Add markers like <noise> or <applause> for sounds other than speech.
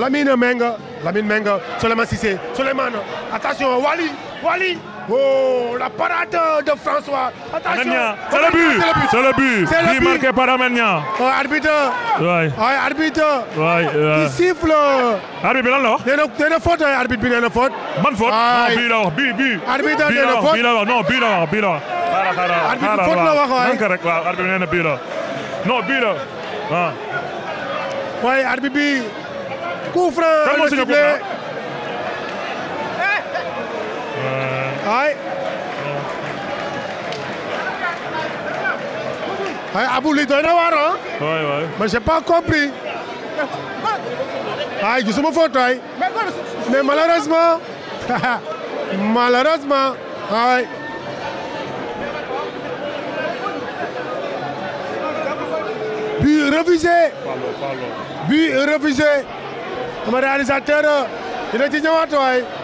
Lamine Menga Lamine Menga Souleymane Cissé Souleymane attention Wali Wali oh la parade de François. attention oh, c'est le but c'est le but c'est le but marqué par Amenya. Oh, arbitre. waay waay arbitre. waay waay qui siffle. arbitre bi lan la wax. nee na nee na faute arbitre bi nee na faute. man faute non bii la wax bii bii. arbitre nee na faute bii la wax non bii la wax bii la wax. arbitre faute la wax waay rek waaw arbitre nee na bii la non bii la waaw. waay arbitre bi. coup franc kan moo signé coup franc ay ay Abou li doy na waar ah. waay waay man j'ai pas compris. ay gisuma photo ay. mais malheureusement <laughs> malheureusement ay. but refusé. but sama réalisateur dina ci ñëwaat waay